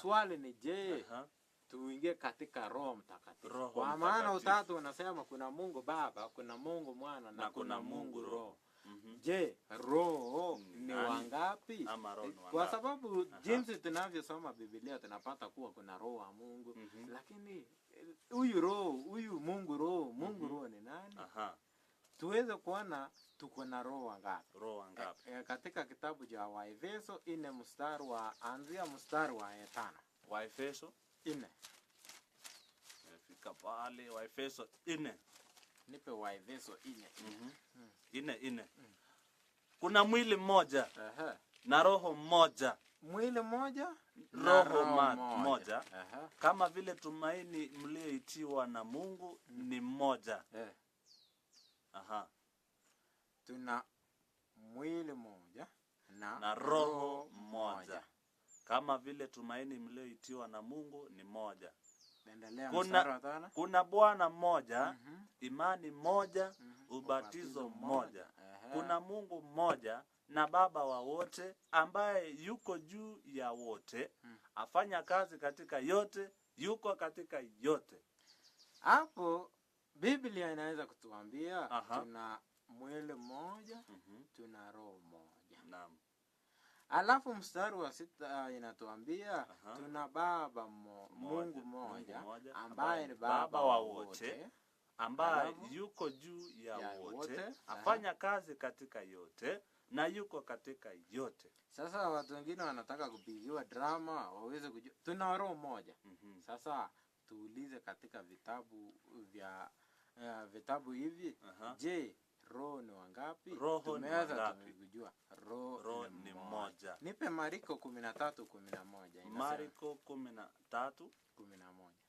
swali ni je, uh -huh. tuingie katika Roho Mtakatifu, kwa maana Utatu unasema kuna Mungu Baba, kuna Mungu Mwana na, na kuna Mungu Roho. Mm -hmm. Je, roho mm, ni yaani wangapi? Eh, kwa sababu Aha. jinsi tunavyosoma Biblia tunapata kuwa kuna roho wa Mungu mm -hmm. lakini eh, huyu roho huyu Mungu roho Mungu mm -hmm. roho ni nani? Aha tuweze kuona tuko na roho ngapi, roho ngapi E, eh, e, eh, katika kitabu cha ja Waefeso ine mstari wa anzia mstari wa e, tano Waefeso ine fika pale Waefeso ine nipe Waefeso ine ine mm -hmm. mm. ine, ine. Mm. kuna mwili mmoja uh-huh. na roho mmoja mwili mmoja roho mmoja moja, moja. kama vile tumaini mlioitiwa na Mungu ni mmoja yeah. Aha. Tuna mwili mmoja na, na roho mmoja kama vile tumaini mlioitiwa na Mungu ni moja. Kuna, kuna Bwana mmoja mm -hmm. imani moja mm -hmm. ubatizo mmoja Kuna Mungu mmoja na Baba wa wote ambaye yuko juu ya wote mm. afanya kazi katika yote, yuko katika yote. Hapo Biblia inaweza kutuambia Aha. tuna mwili mmoja mm -hmm. tuna roho moja naam. Alafu mstari wa sita ah, inatuambia Aha. tuna baba mo, Mungu mmoja ambaye ni baba wa wote ambaye yuko juu ya, ya wote afanya kazi katika yote na yuko katika yote. Sasa watu wengine wanataka kupigiwa drama waweze kujua tuna roho moja mm -hmm. Sasa tuulize katika vitabu vya uh, vitabu hivi uh-huh. Je, roho ni wangapi? Roho ni wangapi? Kujua roho ro ni moja. Nipe Mariko kumi na tatu kumi na moja. Mariko kumi na tatu kumi na moja.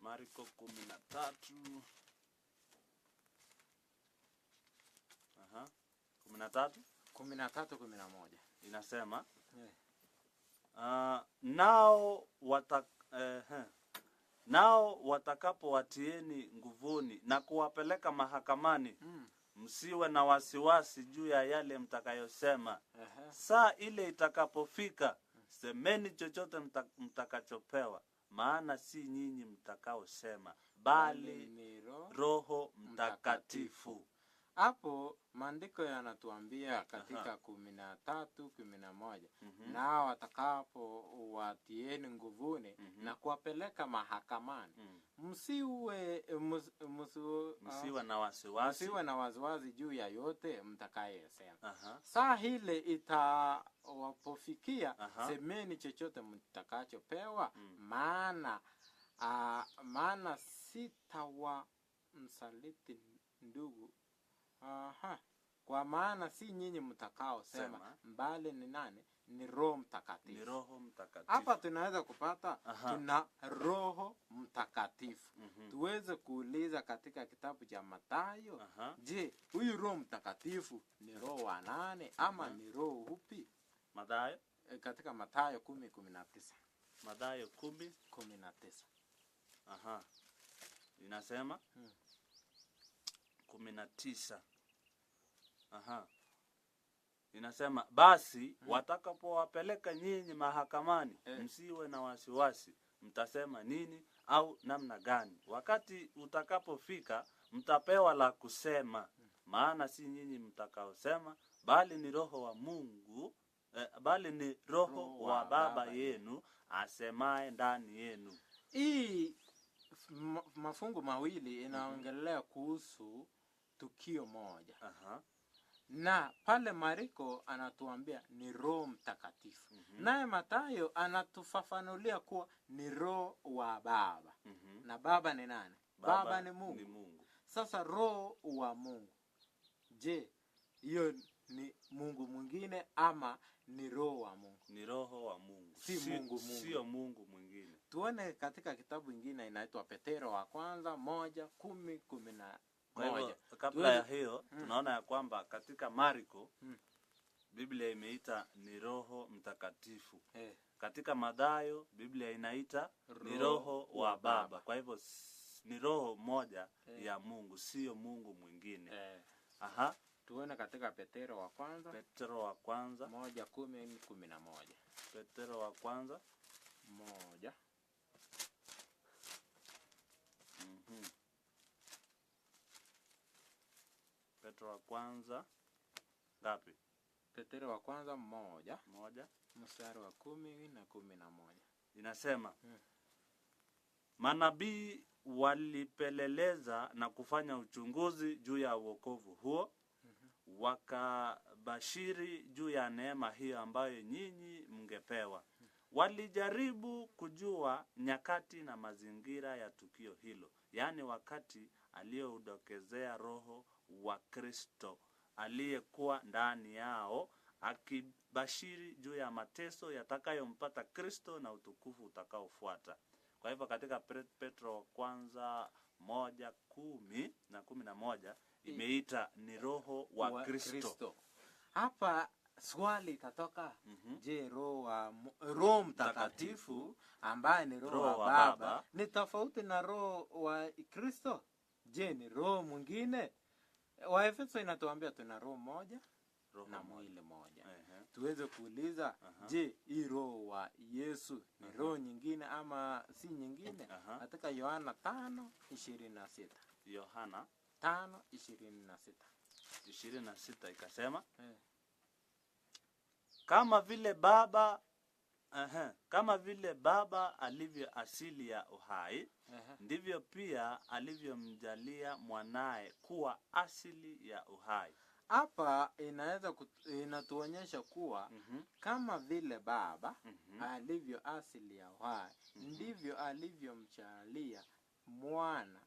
Mariko kumi na tatu aha, kumi na tatu kumi na tatu kumi na moja inasema yeah. Eh. Uh, nao watak, uh, eh, nao watakapowatieni nguvuni na kuwapeleka mahakamani mm. Msiwe na wasiwasi juu ya yale mtakayosema. uh-huh. Saa ile itakapofika, hmm. semeni chochote mtakachopewa, maana si nyinyi mtakaosema, bali Roho Mtakatifu hapo maandiko yanatuambia katika kumi na tatu kumi na moja mm -hmm. nao watakapo watieni nguvuni mm -hmm. na kuwapeleka mahakamani mm. msiwe mm -hmm. msiwe na wasiwasi msiwe na wasiwasi juu ya yote mtakayesema saa hile itawapofikia semeni chochote mtakachopewa mm. maana uh, maana sitawa msaliti ndugu Aha. Kwa maana si nyinyi mtakaosema, mbali ni nani? Ni Roho Mtakatifu. Ni Roho Mtakatifu. Hapa tunaweza kupata Aha. tuna Roho Mtakatifu mm -hmm. Tuweze kuuliza katika kitabu cha Mathayo, je, huyu Roho Mtakatifu ni roho wa nani? ama ni roho upi? Mathayo e, katika Mathayo 10:19. Mathayo 10:19. Aha. Inasema hmm. kumi Aha. Inasema basi hmm, watakapowapeleka nyinyi mahakamani eh, msiwe na wasiwasi mtasema nini au namna gani. Wakati utakapofika mtapewa la kusema, maana si nyinyi mtakaosema, bali ni Roho wa Mungu eh, bali ni Roho, Roho wa Baba, Baba yenu asemaye ndani yenu. Hii mafungu mawili mhm. inaongelea kuhusu tukio moja. Aha na pale Mariko anatuambia ni Roho Mtakatifu mm -hmm. Naye matayo anatufafanulia kuwa ni Roho wa Baba mm -hmm. Na Baba ni nani? Baba, Baba ni, Mungu. Ni Mungu. Sasa Roho wa Mungu, je, hiyo ni Mungu mwingine ama ni Roho wa Mungu? Ni Roho wa Mungu, si, si Mungu, Mungu. Sio Mungu mwingine. Tuone katika kitabu ingine inaitwa Petero wa kwanza moja kumi kumi na kwa hivyo kabla ya hiyo hmm, tunaona ya kwamba katika Marko hmm, Biblia imeita ni Roho Mtakatifu hey. Eh. Katika Mathayo Biblia inaita ni Roho wa Baba. Kwa hivyo ni roho moja hey, eh. ya Mungu, sio Mungu mwingine hey. Eh. Aha. Tuone katika Petero wa kwanza, Petero wa kwanza moja kumi kumi na moja Petero wa kwanza moja Petro wa kwanza ngapi? Petro wa kwanza moja moja mstari wa kumi na kumi na moja inasema hmm, manabii walipeleleza na kufanya uchunguzi juu ya wokovu huo mhm. wakabashiri juu ya neema hiyo ambayo nyinyi mngepewa. Hmm. Walijaribu kujua nyakati na mazingira ya tukio hilo, yaani wakati aliyoudokezea Roho wa Kristo aliyekuwa ndani yao akibashiri juu ya mateso yatakayompata Kristo na utukufu utakaofuata. Kwa hivyo katika Petro wa kwanza moja kumi na kumi na moja imeita ni roho wa, wa Kristo. Hapa swali itatoka mm -hmm. Je, roho Mtakatifu ambaye ni roho wa Baba ni tofauti na roho wa Kristo? Je, ni roho mwingine? Waefeso inatuambia tuna roho moja roho na mwili moja. Uh-huh. Tuweze kuuliza uh-huh. Je, hii roho wa Yesu ni uh-huh. roho nyingine ama si nyingine? Katika uh-huh. Yohana tano ishirini na sita Yohana tano ishirini na sita ishirini na sita ikasema eh, kama vile Baba Aha. Kama vile Baba alivyo asili ya uhai, Aha. ndivyo pia alivyomjalia mwanaye kuwa asili ya uhai. Hapa inaweza inatuonyesha kuwa mm -hmm. kama vile Baba mm -hmm. alivyo asili ya uhai mm -hmm. ndivyo alivyomjalia mwana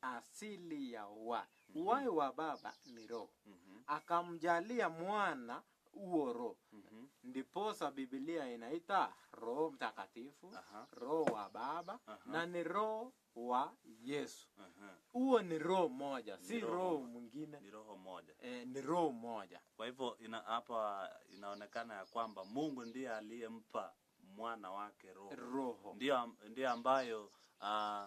asili ya uhai. mm -hmm. wa Baba ni roho mm -hmm. akamjalia mwana huo roho mm-hmm. ndiposa Biblia inaita Roho Mtakatifu uh-huh. roho wa Baba uh-huh. na ni roho wa Yesu huo uh-huh. ni roho moja, si roho mwingine, ni roho moja e, ni roho moja. Kwa hivyo ina, hapa inaonekana ya kwamba Mungu ndiye aliyempa mwana wake roho, roho. Ndiyo, ambayo uh,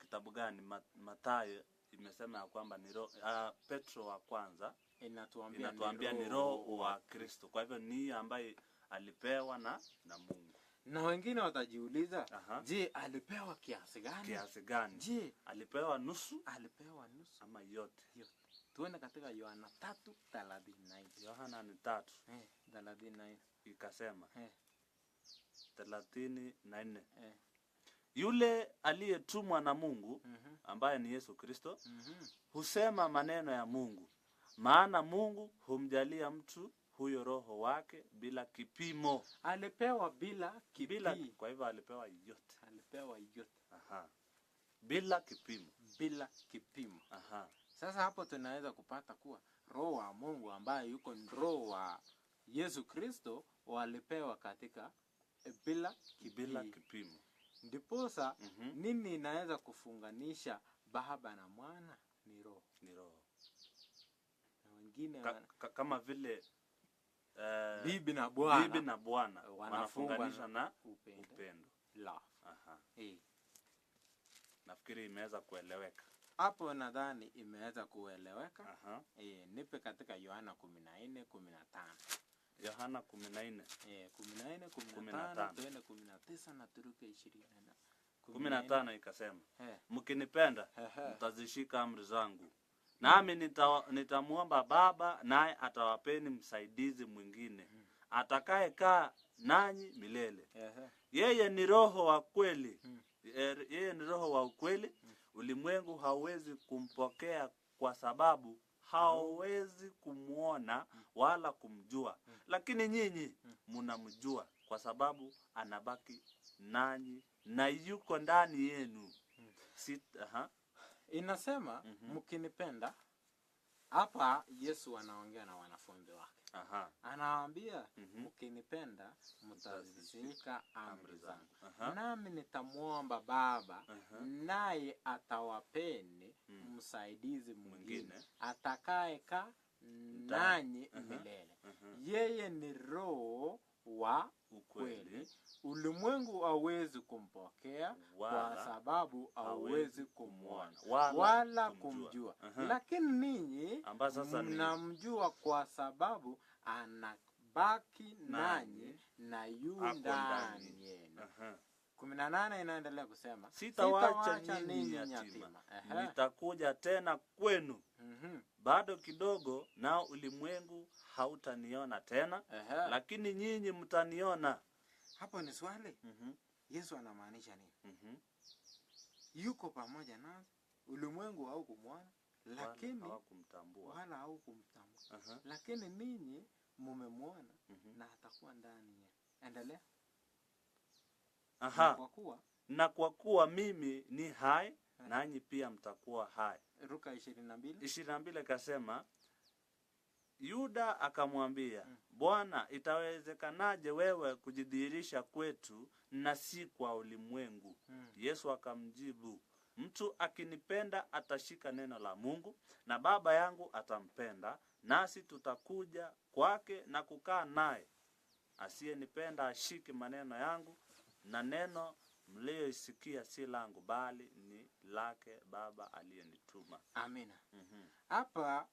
kitabu gani matayo imesema ya kwamba ni roho uh, Petro wa kwanza inatuambia, inatuambia ni roho wa Kristo. Kwa hivyo ni ambaye alipewa na, na Mungu na wengine watajiuliza Je, alipewa kiasi gani? Kiasi gani? Je, alipewa nusu? Alipewa nusu ama yote? Yote. Tuende katika Yohana 3:39. Yohana ni tatu eh, 34 ikasema eh, 34 eh, yule aliyetumwa na Mungu mhm. ambaye ni Yesu Kristo mm -hmm. husema maneno ya Mungu maana Mungu humjalia mtu huyo roho wake bila kipimo. Alipewa bila kipimo. Bila, kwa hivyo alipewa yote, alipewa yote. Aha. Bila kipimo, bila kipimo. Aha. Sasa hapo tunaweza kupata kuwa roho wa Mungu ambaye yuko roho wa Yesu Kristo walipewa katika eh, bila bila kipimo. Ndiposa mm -hmm. nini inaweza kufunganisha Baba na Mwana? wengine ka, ka, kama vile uh, bibi na bwana bibi na bwana wanafunganisha na upendo, upendo. love. Aha. Hey. Nafikiri imeweza kueleweka hapo, nadhani imeweza kueleweka. Aha. E, nipe katika Yohana kumi na nne kumi na tano Yohana kumi na nne kumi na nne kumi na tano tuende kumi na tisa na turuke ishirini na kumi na tano ikasema, mkinipenda mtazishika amri zangu nami nita, nitamwomba Baba naye atawapeni msaidizi mwingine hmm. atakayekaa nanyi milele. Yeye ni Roho wa kweli, hmm. er, yeye ni Roho wa ukweli. Hmm. Ulimwengu hauwezi kumpokea kwa sababu hawezi kumwona wala kumjua, lakini nyinyi mnamjua kwa sababu anabaki nanyi na yuko ndani yenu. Sit, -huh. Inasema mhm. mkinipenda mm -hmm. Hapa Yesu anaongea na wanafunzi wake, anawaambia mhm. mkinipenda mm -hmm. mtazishika amri zangu, nami nitamwomba Baba naye atawapeni mm. msaidizi mwingine atakayekaa nanyi milele. Yeye ni Roho wa ukweli. Ulimwengu awezi kumpokea kwa sababu hauwezi kumwona wala, wala kumjua, kumjua. Lakini ninyi mnamjua kwa sababu anabaki nanyi na yu ndani yenu kumi na nane inaendelea kusema sitawacha ninyi yatima, nitakuja tena kwenu. mm -hmm. Bado kidogo nao ulimwengu hautaniona tena. Aha. Lakini nyinyi mtaniona. Hapo ni swali. mm -hmm. Yesu anamaanisha nini? mm -hmm. Yuko pamoja nasi, ulimwengu au kumwona lakini hawakumtambua wala haukumtambua, lakini ninyi mumemwona. mm -hmm. na atakuwa ndani yenu. Endelea. Aha. Na kwa kuwa, na kwa kuwa mimi ni hai eh. nanyi pia mtakuwa hai. Luka 22 22 akasema Yuda akamwambia, hmm. Bwana, itawezekanaje wewe kujidhihirisha kwetu na si kwa ulimwengu? hmm. Yesu akamjibu, mtu akinipenda atashika neno la Mungu na Baba yangu atampenda, nasi tutakuja kwake na kukaa naye. Asiyenipenda ashiki maneno yangu, na neno mliyoisikia si langu bali ni lake Baba aliyenituma. Amina. Mhm. Hapa mm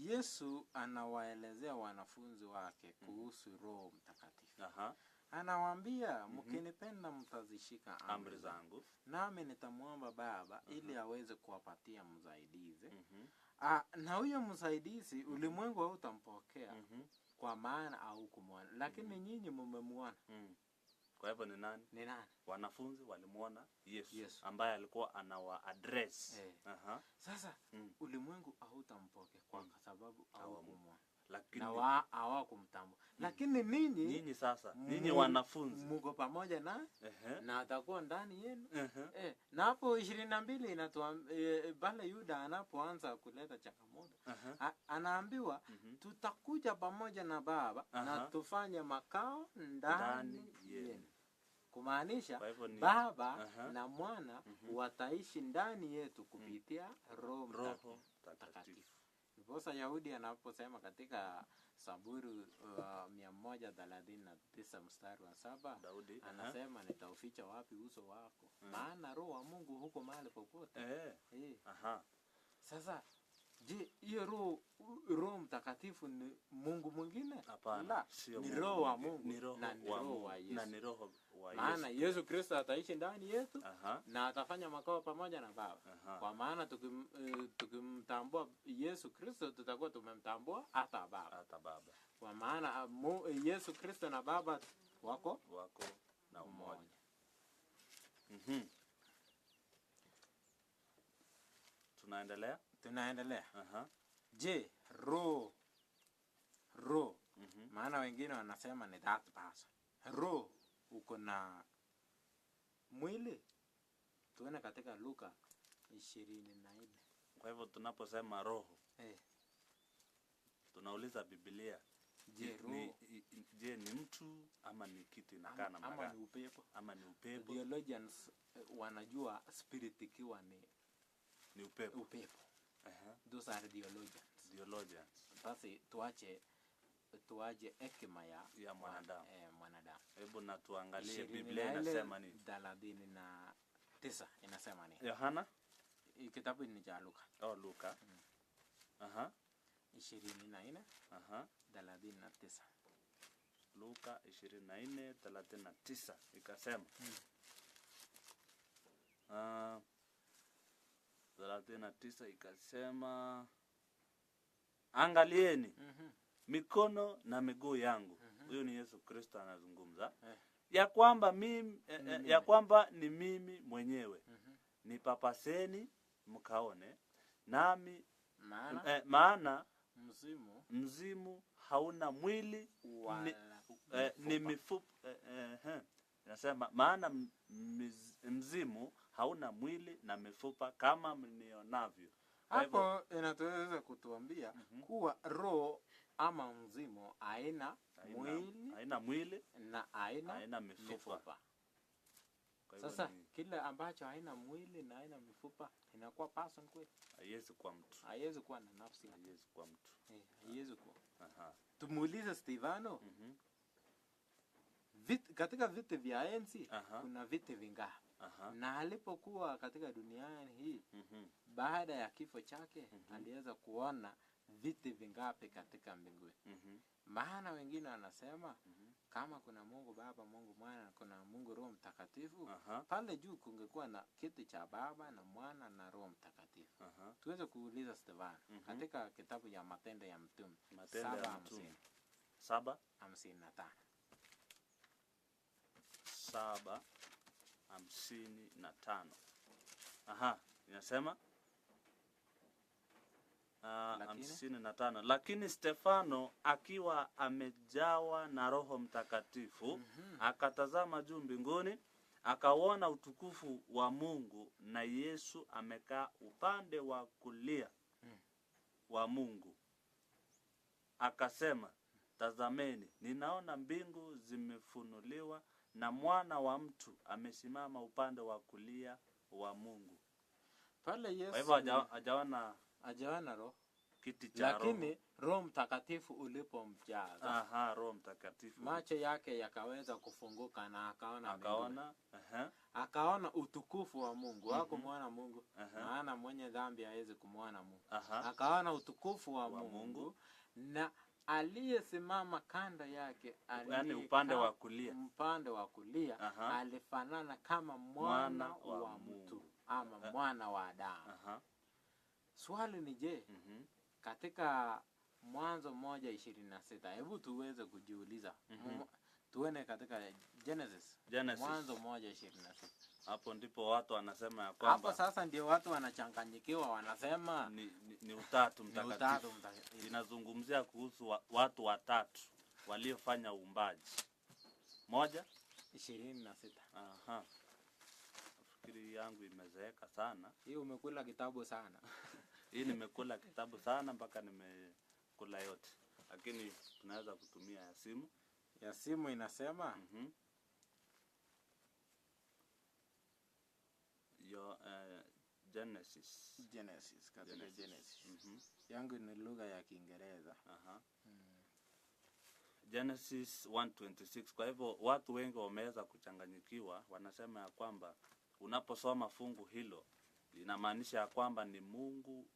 -hmm. Yesu anawaelezea wanafunzi wake mhm. kuhusu mm -hmm. Roho Mtakatifu. Aha. Anawaambia mhm. mkinipenda, mm -hmm. mtazishika amri zangu, nami nitamwomba Baba mm -hmm. ili aweze kuwapatia msaidizi mm -hmm. A, na huyo msaidizi mm -hmm. ulimwengu hautampokea mm -hmm. kwa maana au kumwona, lakini mm -hmm. nyinyi mmemwona mm -hmm kwa hivyo ni nani? Ni nani? Wanafunzi walimwona Yesu, Yesu ambaye alikuwa anawa address. Hey. Uh-huh. Sasa mm. ulimwengu hautampokea kwa mm. sababu hawakumwona lakini na wa hawakumtambua. Mm. Lakini ninyi ninyi sasa ninyi wanafunzi mko pamoja na uh -huh. na atakuwa ndani yenu uh -huh. eh, na hapo 22 inatoa eh, pale Yuda anapoanza kuleta changamoto uh -huh. anaambiwa uh mhm. -huh. tutakuja pamoja na Baba uh -huh. na tufanye makao ndani, ndani yenu kumaanisha ni... Baba uh -huh. na Mwana uh mhm. -huh. wataishi ndani yetu kupitia mm. Roho Mtakatifu. Ndiposa Yahudi anaposema katika saburi uh, mia moja thelathini na tisa mstari wa saba Daudi, anasema uh -huh. nitauficha wapi uso wako? mm. maana Roho wa Mungu huko mahali popote eh. Eh. Aha. Sasa Je, hiyo roho Roho Mtakatifu ni Mungu mwingine? Hapana, sio ni roho wa Mungu ni roho na ni roho wa Yesu. Na ni roho wa Yesu. Maana Yesu Kristo ataishi ndani yetu Aha. na atafanya makao pamoja na Baba. Aha. Kwa maana tukim, uh, tukimtambua Yesu Kristo tutakuwa tumemtambua hata Baba. Hata Baba. Kwa maana uh, Yesu Kristo na Baba wako wako na umoja. Mhm. Mm Tunaendelea? tunaendelea. uh-huh. Je, ro roho mm -hmm. Maana wengine wanasema ni that person. Ro uko na mwili, tuone katika Luka ishirini na nne. Kwa hivyo tunaposema roho hey. Eh. Tunauliza Biblia Je, ni, je, ni mtu ama ni kitu inakaa namna Ama ni upepo? Ama ni upepo? Theologians eh, wanajua spirit ikiwa ni ni upepo. Upepo uh -huh. those are theologians. Theologians. Basi tuache tuaje hekima ya, ya mwanadamu eh, mwanadamu. Hebu na tuangalie Biblia inasema nini? thelathini na tisa inasema nini? Yohana kitabu ni cha Luka. Oh, Luka. Mm. Aha. ishirini na nne aha thelathini na tisa Luka ishirini na nne thelathini na tisa ikasema hmm. uh, thelathini na tisa ikasema angalieni mm -hmm. mikono na miguu yangu mhm. huyu mm -hmm. ni Yesu Kristo anazungumza eh. ya kwamba eh, eh, mimi, eh, mm -hmm. ya kwamba ni mimi mwenyewe mm -hmm. nipapaseni mkaone nami maana, eh, maana mzimu, mzimu hauna mwili wala, ni, eh, ni mifupa eh, eh, eh, nasema maana mzimu hauna mwili na mifupa kama mnionavyo. Hapo inatuweza kutuambia mm -hmm. kuwa roho ama mzimo aina mwili, aina mwili na aina, aina mifupa. Sasa ni... kile ambacho haina mwili na haina mifupa inakuwa person kweli? Haiwezi kuwa mtu, haiwezi kuwa na nafsi, haiwezi kuwa mtu, eh, haiwezi kuwa. Aha, tumuulize Stefano. Mhm. mm Vit, katika viti vya enzi kuna viti vingapi? Aha. na alipokuwa katika duniani hii mm -hmm. baada ya kifo chake mm -hmm. aliweza kuona viti vingapi katika mbinguni mm -hmm. maana wengine wanasema mm -hmm. kama kuna Mungu Baba, Mungu Mwana, kuna Mungu Roho Mtakatifu pale juu kungekuwa na kiti cha Baba na Mwana na Roho Mtakatifu. Tuweze kuuliza Stefano mm -hmm. katika kitabu ya Matendo ya Mtume saba hamsini na tano saba hamsini na tano. Aha, inasema ah, hamsini na tano. Lakini Stefano akiwa amejawa na Roho Mtakatifu mm -hmm. akatazama juu mbinguni akauona utukufu wa Mungu na Yesu amekaa upande wa kulia mm. wa Mungu, akasema, tazameni, ninaona mbingu zimefunuliwa na mwana wa mtu amesimama upande wa kulia wa Mungu. Pale Yesu, kwa hivyo hajaona hajaona roho kiti cha lakini Roho Mtakatifu ulipomjaza, aha, Roho Mtakatifu macho yake yakaweza kufunguka na akaona akaona, aha, akaona utukufu wa Mungu uh-huh. -hmm. Mungu uh-huh. maana mwenye dhambi hawezi kumwona Mungu uh-huh. akaona utukufu wa, wa Mungu, Mungu na aliyesimama kanda yake yani upande wa kulia, upande wa kulia alifanana kama mwana, mwana wa mtu ama uh, mwana wa Adamu. Swali ni je, mm -hmm. katika Mwanzo moja ishirini na sita hebu tuweze kujiuliza mm -hmm. tuene katika Genesis. Genesis. Mwanzo moja ishirini na sita hapo ndipo watu wanasema ya kwamba hapo sasa ndio watu wanachanganyikiwa, wanasema ni, ni, ni utatu mtakatifu. Inazungumzia kuhusu wa, watu watatu waliofanya uumbaji moja ishirini na sita. Aha, fikiri yangu imezeeka sana hii. Umekula kitabu sana hii nimekula kitabu sana mpaka nimekula yote, lakini tunaweza kutumia ya simu. Ya simu inasema mm -hmm. ya uh, Genesis. Genesis, katika Genesis. Genesis. Mm -hmm. Yangu ni lugha ya Kiingereza. Aha. Uh-huh. Mm. Genesis 1:26. Kwa hivyo watu wengi wameweza kuchanganyikiwa, wanasema ya kwamba unaposoma fungu hilo linamaanisha ya kwamba ni Mungu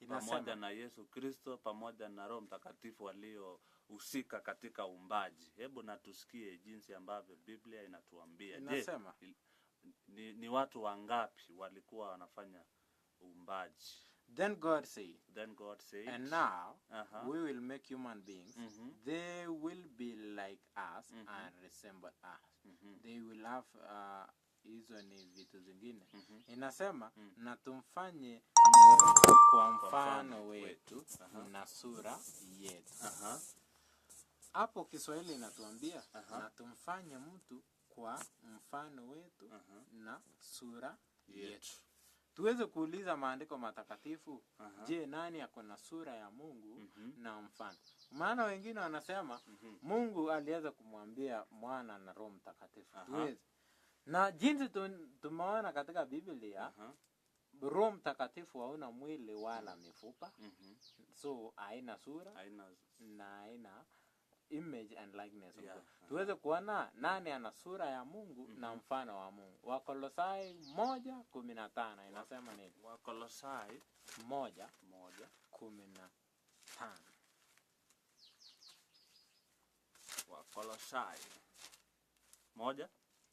Inasema, pamoja na Yesu Kristo pamoja na Roho Mtakatifu waliohusika katika uumbaji. Hebu natusikie jinsi ambavyo Biblia inatuambia. Inasema. Je, ni, ni watu wangapi walikuwa wanafanya uumbaji then god said then god said and now uh -huh. we will make human beings mm -hmm. they will be like us mm -hmm. and resemble us mm -hmm. they will have uh, hizo uh, ni vitu zingine mm -hmm. inasema mm -hmm. na tumfanye kwa mfano wetu uh -huh. na sura yetu uh-huh. hapo uh -huh. Kiswahili inatuambia uh -huh. na tumfanye mtu kwa mfano wetu uh -huh. na sura yetu, yetu. Tuweze kuuliza maandiko matakatifu uh -huh. Je, nani ako na sura ya Mungu uh mhm. -huh. na mfano? Maana wengine wanasema uh mhm. -huh. Mungu aliweza kumwambia mwana na Roho Mtakatifu uh -huh. tuweze na jinsi tumeona katika Biblia uh -huh. Roho Mtakatifu hauna mwili wala mhm. mifupa. uh -huh. So haina sura haina... na haina image and likeness of yeah. God. Tuweze kuona nani ana sura ya Mungu mm -hmm. na mm-hmm. mfano wa Mungu. Wakolosai moja kumi na tano inasema nini? Wakolosai moja moja kumi na tano. Wakolosai moja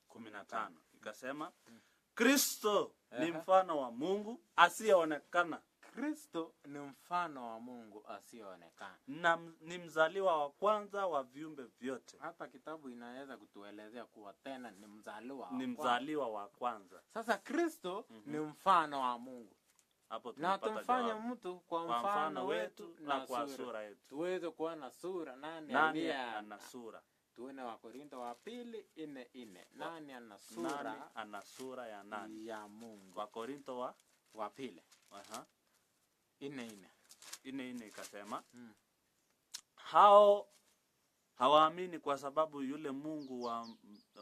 kumi na tano mm. ikasema mm. Kristo ni mfano wa Mungu asiyeonekana Kristo ni mfano wa Mungu asiyeonekana na ni mzaliwa wa kwanza wa viumbe vyote. Hata kitabu inaweza kutuelezea kuwa tena ni mzaliwa wa ni mzaliwa wa kwanza. Sasa Kristo mm -hmm. ni mfano wa Mungu hapo na tumfanye mtu kwa mfano, kwa mfano wetu na, na kwa sura yetu, tuweze kuwa na sura. Nani, nani ana sura? Tuone Wakorintho wa pili ine ine, nani ana sura, nani ana sura ya nani? Ya Mungu. Wakorintho wa wa pili. Aha nne nne nne nne ikasema hmm. hao hawaamini kwa sababu yule Mungu wa,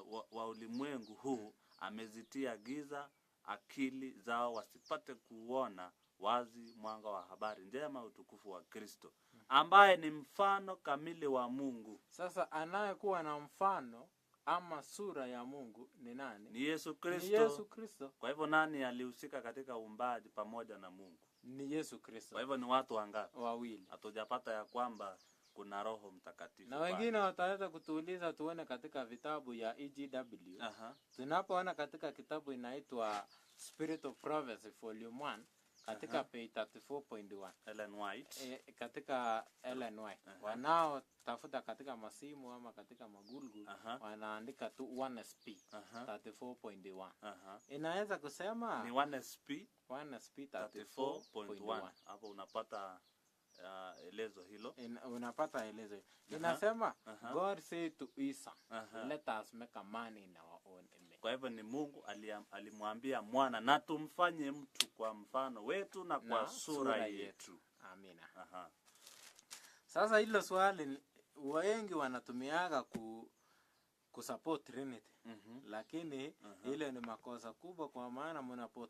wa, wa ulimwengu huu hmm. amezitia giza akili zao wasipate kuona wazi mwanga wa habari njema utukufu wa Kristo hmm. ambaye ni mfano kamili wa Mungu. Sasa anayekuwa na mfano ama sura ya Mungu ni nani? Ni Yesu Kristo. Ni Yesu Kristo. Kwa hivyo nani alihusika katika uumbaji pamoja na Mungu? ni Yesu Kristo. Kwa hivyo ni watu wangapi? Wawili. Hatujapata ya kwamba kuna Roho Mtakatifu. Na wengine wataweza kutuuliza tuone katika vitabu ya EGW. Aha. Tunapoona katika kitabu inaitwa Spirit of Prophecy volume 1 katika uh -huh. page 34.1 Ellen White e, katika Ellen White uh -huh. wanaotafuta katika masimu ama katika magulgu uh -huh. wanaandika tu 1sp uh -huh. 34.1 uh -huh. inaweza kusema ni 1sp 1sp 34.1 hapo unapata uh, elezo hilo In, unapata elezo hilo uh -huh. inasema uh -huh. God say to Isa uh -huh. let us make a man in our kwa hivyo ni Mungu alimwambia mwana, na tumfanye mtu kwa mfano wetu na kwa na sura, sura yetu, Amina. Aha. Sasa hilo swali wengi wanatumiaga ku kusupport Trinity. Mm -hmm. Lakini uh mhm. -huh. Ile ni makosa kubwa kwa maana mnapo